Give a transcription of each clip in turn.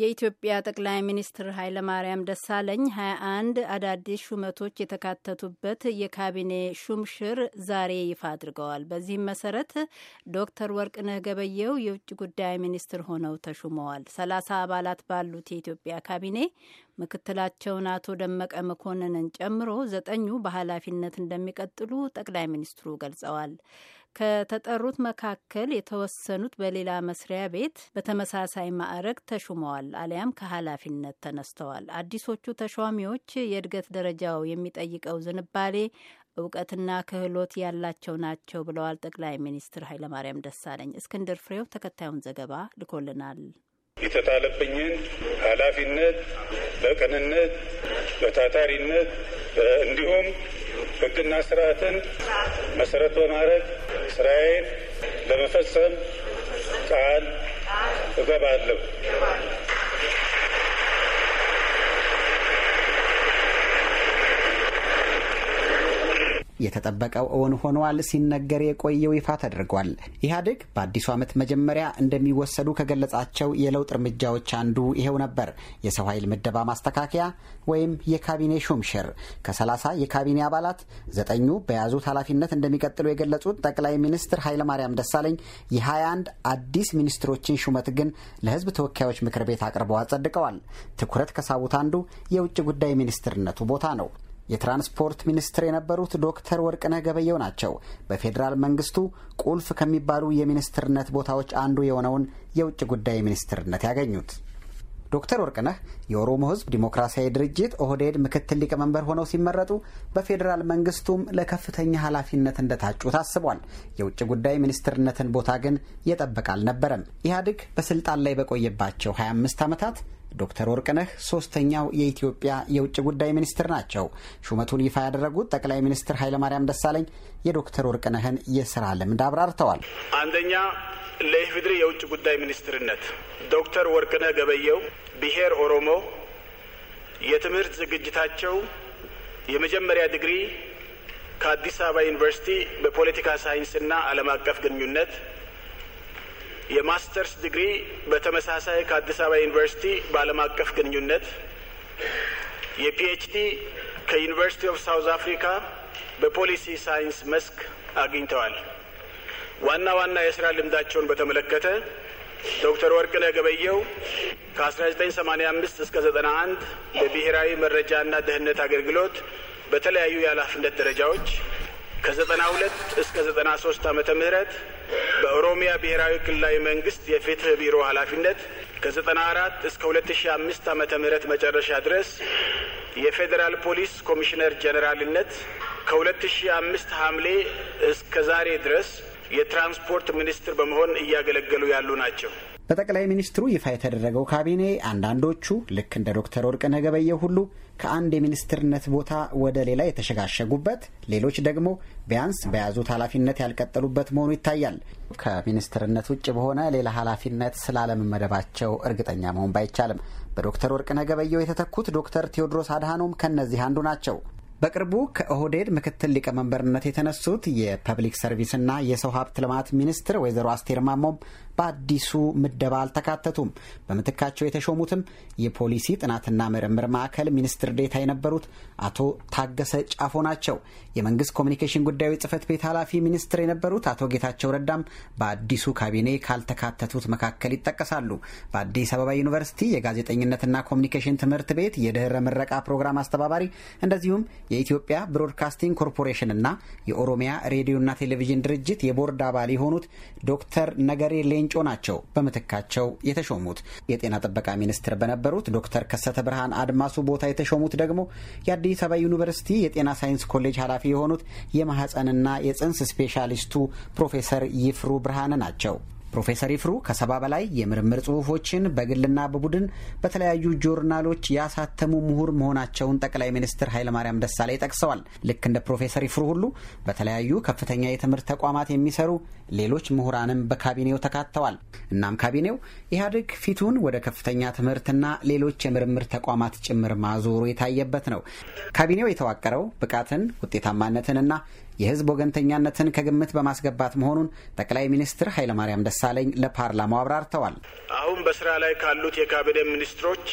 የኢትዮጵያ ጠቅላይ ሚኒስትር ኃይለማርያም ደሳለኝ ሀያ አንድ አዳዲስ ሹመቶች የተካተቱበት የካቢኔ ሹምሽር ዛሬ ይፋ አድርገዋል። በዚህም መሰረት ዶክተር ወርቅነህ ገበየው የውጭ ጉዳይ ሚኒስትር ሆነው ተሹመዋል። ሰላሳ አባላት ባሉት የኢትዮጵያ ካቢኔ ምክትላቸውን አቶ ደመቀ መኮንንን ጨምሮ ዘጠኙ በኃላፊነት እንደሚቀጥሉ ጠቅላይ ሚኒስትሩ ገልጸዋል። ከተጠሩት መካከል የተወሰኑት በሌላ መስሪያ ቤት በተመሳሳይ ማዕረግ ተሹመዋል አሊያም ከኃላፊነት ተነስተዋል። አዲሶቹ ተሿሚዎች የእድገት ደረጃው የሚጠይቀው ዝንባሌ እውቀትና ክህሎት ያላቸው ናቸው ብለዋል ጠቅላይ ሚኒስትር ኃይለማርያም ደሳለኝ። እስክንድር ፍሬው ተከታዩን ዘገባ ልኮልናል። የተጣለብኝን ኃላፊነት በቅንነት በታታሪነት እንዲሁም ሕግና ስርዓትን መሰረት በማድረግ ስራዬን ለመፈጸም ቃል እገባለሁ። የተጠበቀው እውን ሆኗል ሲነገር የቆየው ይፋ ተደርጓል። ኢህአዴግ በአዲሱ ዓመት መጀመሪያ እንደሚወሰዱ ከገለጻቸው የለውጥ እርምጃዎች አንዱ ይሄው ነበር። የሰው ኃይል ምደባ ማስተካከያ ወይም የካቢኔ ሹምሽር ከሰላሳ የካቢኔ አባላት ዘጠኙ በያዙት ኃላፊነት እንደሚቀጥሉ የገለጹት ጠቅላይ ሚኒስትር ኃይለማርያም ደሳለኝ የ21 አዲስ ሚኒስትሮችን ሹመት ግን ለህዝብ ተወካዮች ምክር ቤት አቅርበው አጸድቀዋል። ትኩረት ከሳቡት አንዱ የውጭ ጉዳይ ሚኒስትርነቱ ቦታ ነው። የትራንስፖርት ሚኒስትር የነበሩት ዶክተር ወርቅነህ ገበየው ናቸው። በፌዴራል መንግስቱ ቁልፍ ከሚባሉ የሚኒስትርነት ቦታዎች አንዱ የሆነውን የውጭ ጉዳይ ሚኒስትርነት ያገኙት ዶክተር ወርቅነህ የኦሮሞ ህዝብ ዲሞክራሲያዊ ድርጅት ኦህዴድ ምክትል ሊቀመንበር ሆነው ሲመረጡ በፌዴራል መንግስቱም ለከፍተኛ ኃላፊነት እንደታጩ ታስቧል። የውጭ ጉዳይ ሚኒስትርነትን ቦታ ግን የጠበቀ አልነበረም። ኢህአዴግ በስልጣን ላይ በቆየባቸው 25 ዓመታት ዶክተር ወርቅነህ ሶስተኛው የኢትዮጵያ የውጭ ጉዳይ ሚኒስትር ናቸው። ሹመቱን ይፋ ያደረጉት ጠቅላይ ሚኒስትር ኃይለማርያም ደሳለኝ የዶክተር ወርቅነህን የስራ ልምድ አብራርተዋል። አንደኛ ለኢፌዴሪ የውጭ ጉዳይ ሚኒስትርነት ዶክተር ወርቅነህ ገበየው ብሔር ኦሮሞ፣ የትምህርት ዝግጅታቸው የመጀመሪያ ዲግሪ ከአዲስ አበባ ዩኒቨርሲቲ በፖለቲካ ሳይንስና ዓለም አቀፍ ግንኙነት የማስተርስ ዲግሪ በተመሳሳይ ከአዲስ አበባ ዩኒቨርሲቲ በዓለም አቀፍ ግንኙነት፣ የፒኤችዲ ከዩኒቨርሲቲ ኦፍ ሳውዝ አፍሪካ በፖሊሲ ሳይንስ መስክ አግኝተዋል። ዋና ዋና የስራ ልምዳቸውን በተመለከተ ዶክተር ወርቅነህ ገበየው ከ1985 እስከ 91 በብሔራዊ መረጃና ደህንነት አገልግሎት በተለያዩ የኃላፊነት ደረጃዎች ከ92 እስከ 93 ዓመተ ምህረት በኦሮሚያ ብሔራዊ ክልላዊ መንግስት የፍትህ ቢሮ ኃላፊነት ከ94 እስከ 205 ዓመተ ምህረት መጨረሻ ድረስ የፌዴራል ፖሊስ ኮሚሽነር ጀኔራልነት ከ 205 ሐምሌ እስከ ዛሬ ድረስ የትራንስፖርት ሚኒስትር በመሆን እያገለገሉ ያሉ ናቸው። በጠቅላይ ሚኒስትሩ ይፋ የተደረገው ካቢኔ አንዳንዶቹ ልክ እንደ ዶክተር ወርቅነህ ገበየሁ ሁሉ ከአንድ የሚኒስትርነት ቦታ ወደ ሌላ የተሸጋሸጉበት፣ ሌሎች ደግሞ ቢያንስ በያዙት ኃላፊነት ያልቀጠሉበት መሆኑ ይታያል። ከሚኒስትርነት ውጭ በሆነ ሌላ ኃላፊነት ስላለመመደባቸው እርግጠኛ መሆን ባይቻልም በዶክተር ወርቅነህ ገበየሁ የተተኩት ዶክተር ቴዎድሮስ አድሃኖም ከእነዚህ አንዱ ናቸው። በቅርቡ ከኦህዴድ ምክትል ሊቀመንበርነት የተነሱት የፐብሊክ ሰርቪስና የሰው ሀብት ልማት ሚኒስትር ወይዘሮ አስቴር ማሞም በአዲሱ ምደባ አልተካተቱም። በምትካቸው የተሾሙትም የፖሊሲ ጥናትና ምርምር ማዕከል ሚኒስትር ዴታ የነበሩት አቶ ታገሰ ጫፎ ናቸው። የመንግስት ኮሚኒኬሽን ጉዳዮች ጽህፈት ቤት ኃላፊ ሚኒስትር የነበሩት አቶ ጌታቸው ረዳም በአዲሱ ካቢኔ ካልተካተቱት መካከል ይጠቀሳሉ። በአዲስ አበባ ዩኒቨርሲቲ የጋዜጠኝነትና ኮሚኒኬሽን ትምህርት ቤት የድህረ ምረቃ ፕሮግራም አስተባባሪ እንደዚሁም የኢትዮጵያ ብሮድካስቲንግ ኮርፖሬሽንና የኦሮሚያ ሬዲዮና ቴሌቪዥን ድርጅት የቦርድ አባል የሆኑት ዶክተር ነገሬ ሌንጮ ናቸው በምትካቸው የተሾሙት። የጤና ጥበቃ ሚኒስትር በነበሩት ዶክተር ከሰተ ብርሃን አድማሱ ቦታ የተሾሙት ደግሞ የአዲስ አበባ ዩኒቨርሲቲ የጤና ሳይንስ ኮሌጅ ኃላፊ የሆኑት የማህፀንና የጽንስ ስፔሻሊስቱ ፕሮፌሰር ይፍሩ ብርሃን ናቸው። ፕሮፌሰር ይፍሩ ከሰባ በላይ የምርምር ጽሁፎችን በግልና በቡድን በተለያዩ ጆርናሎች ያሳተሙ ምሁር መሆናቸውን ጠቅላይ ሚኒስትር ኃይለማርያም ደሳለኝ ጠቅሰዋል። ልክ እንደ ፕሮፌሰር ይፍሩ ሁሉ በተለያዩ ከፍተኛ የትምህርት ተቋማት የሚሰሩ ሌሎች ምሁራንም በካቢኔው ተካተዋል። እናም ካቢኔው ኢህአዴግ ፊቱን ወደ ከፍተኛ ትምህርትና ሌሎች የምርምር ተቋማት ጭምር ማዞሩ የታየበት ነው። ካቢኔው የተዋቀረው ብቃትን ውጤታማነትንና የህዝብ ወገንተኛነትን ከግምት በማስገባት መሆኑን ጠቅላይ ሚኒስትር ኃይለማርያም ደሳለኝ ለፓርላማው አብራርተዋል። አሁን በስራ ላይ ካሉት የካቢኔ ሚኒስትሮች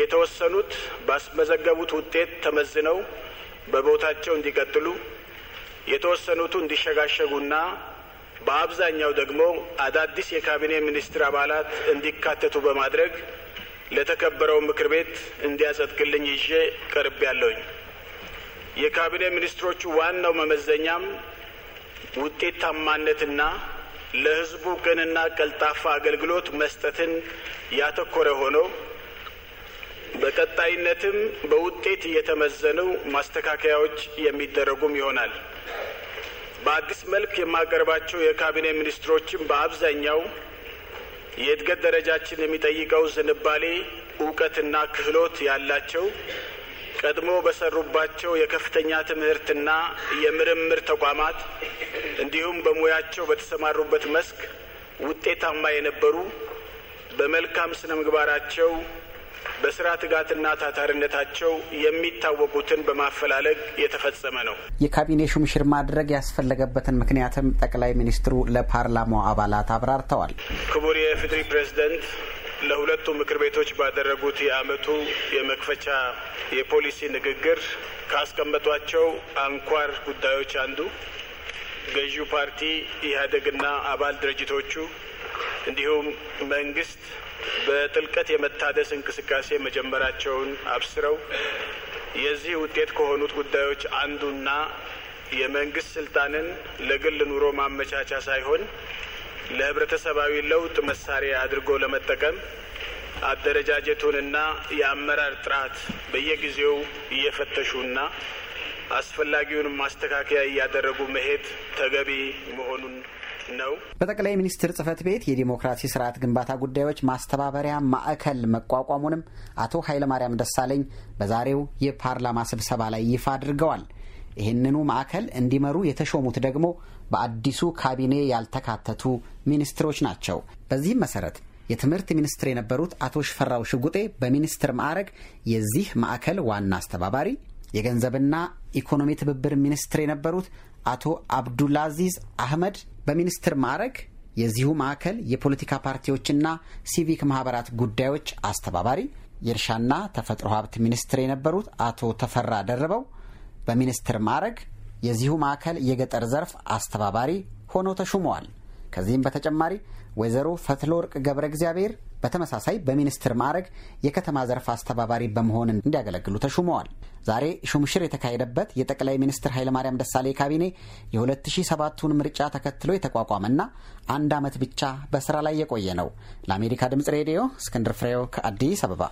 የተወሰኑት ባስመዘገቡት ውጤት ተመዝነው በቦታቸው እንዲቀጥሉ፣ የተወሰኑቱ እንዲሸጋሸጉና በአብዛኛው ደግሞ አዳዲስ የካቢኔ ሚኒስትር አባላት እንዲካተቱ በማድረግ ለተከበረው ምክር ቤት እንዲያጸድቅልኝ ይዤ ቀርብ ያለውኝ የካቢኔ ሚኒስትሮቹ ዋናው መመዘኛም ውጤታማነትና ለሕዝቡ ቅንና ቀልጣፋ አገልግሎት መስጠትን ያተኮረ ሆኖ በቀጣይነትም በውጤት እየተመዘኑ ማስተካከያዎች የሚደረጉም ይሆናል። በአዲስ መልክ የማቀርባቸው የካቢኔ ሚኒስትሮችም በአብዛኛው የእድገት ደረጃችን የሚጠይቀው ዝንባሌ፣ እውቀትና ክህሎት ያላቸው ቀድሞ በሰሩባቸው የከፍተኛ ትምህርትና የምርምር ተቋማት እንዲሁም በሙያቸው በተሰማሩበት መስክ ውጤታማ የነበሩ በመልካም ስነ ምግባራቸው በስራ ትጋትና ታታሪነታቸው የሚታወቁትን በማፈላለግ የተፈጸመ ነው። የካቢኔ ሹምሽር ማድረግ ያስፈለገበትን ምክንያትም ጠቅላይ ሚኒስትሩ ለፓርላማው አባላት አብራርተዋል። ክቡር የፍትሪ ፕሬዝደንት ለሁለቱ ምክር ቤቶች ባደረጉት የአመቱ የመክፈቻ የፖሊሲ ንግግር ካስቀመጧቸው አንኳር ጉዳዮች አንዱ ገዢው ፓርቲ ኢህአዴግና አባል ድርጅቶቹ እንዲሁም መንግስት በጥልቀት የመታደስ እንቅስቃሴ መጀመራቸውን አብስረው የዚህ ውጤት ከሆኑት ጉዳዮች አንዱና የመንግስት ስልጣንን ለግል ኑሮ ማመቻቻ ሳይሆን ለህብረተሰባዊ ለውጥ መሳሪያ አድርጎ ለመጠቀም አደረጃጀቱንና የአመራር ጥራት በየጊዜው እየፈተሹና አስፈላጊውን ማስተካከያ እያደረጉ መሄድ ተገቢ መሆኑን ነው። በጠቅላይ ሚኒስትር ጽህፈት ቤት የዲሞክራሲ ስርዓት ግንባታ ጉዳዮች ማስተባበሪያ ማዕከል መቋቋሙንም አቶ ኃይለማርያም ደሳለኝ በዛሬው የፓርላማ ስብሰባ ላይ ይፋ አድርገዋል። ይህንኑ ማዕከል እንዲመሩ የተሾሙት ደግሞ በአዲሱ ካቢኔ ያልተካተቱ ሚኒስትሮች ናቸው። በዚህም መሰረት የትምህርት ሚኒስትር የነበሩት አቶ ሽፈራው ሽጉጤ በሚኒስትር ማዕረግ የዚህ ማዕከል ዋና አስተባባሪ፣ የገንዘብና ኢኮኖሚ ትብብር ሚኒስትር የነበሩት አቶ አብዱልአዚዝ አህመድ በሚኒስትር ማዕረግ የዚሁ ማዕከል የፖለቲካ ፓርቲዎችና ሲቪክ ማህበራት ጉዳዮች አስተባባሪ፣ የእርሻና ተፈጥሮ ሀብት ሚኒስትር የነበሩት አቶ ተፈራ ደርበው በሚኒስትር ማዕረግ የዚሁ ማዕከል የገጠር ዘርፍ አስተባባሪ ሆነው ተሹመዋል። ከዚህም በተጨማሪ ወይዘሮ ፈትለ ወርቅ ገብረ እግዚአብሔር በተመሳሳይ በሚኒስትር ማዕረግ የከተማ ዘርፍ አስተባባሪ በመሆን እንዲያገለግሉ ተሹመዋል። ዛሬ ሹምሽር የተካሄደበት የጠቅላይ ሚኒስትር ኃይለማርያም ደሳሌ ካቢኔ የ2007ቱን ምርጫ ተከትሎ የተቋቋመና አንድ ዓመት ብቻ በስራ ላይ የቆየ ነው። ለአሜሪካ ድምፅ ሬዲዮ እስክንድር ፍሬው ከአዲስ አበባ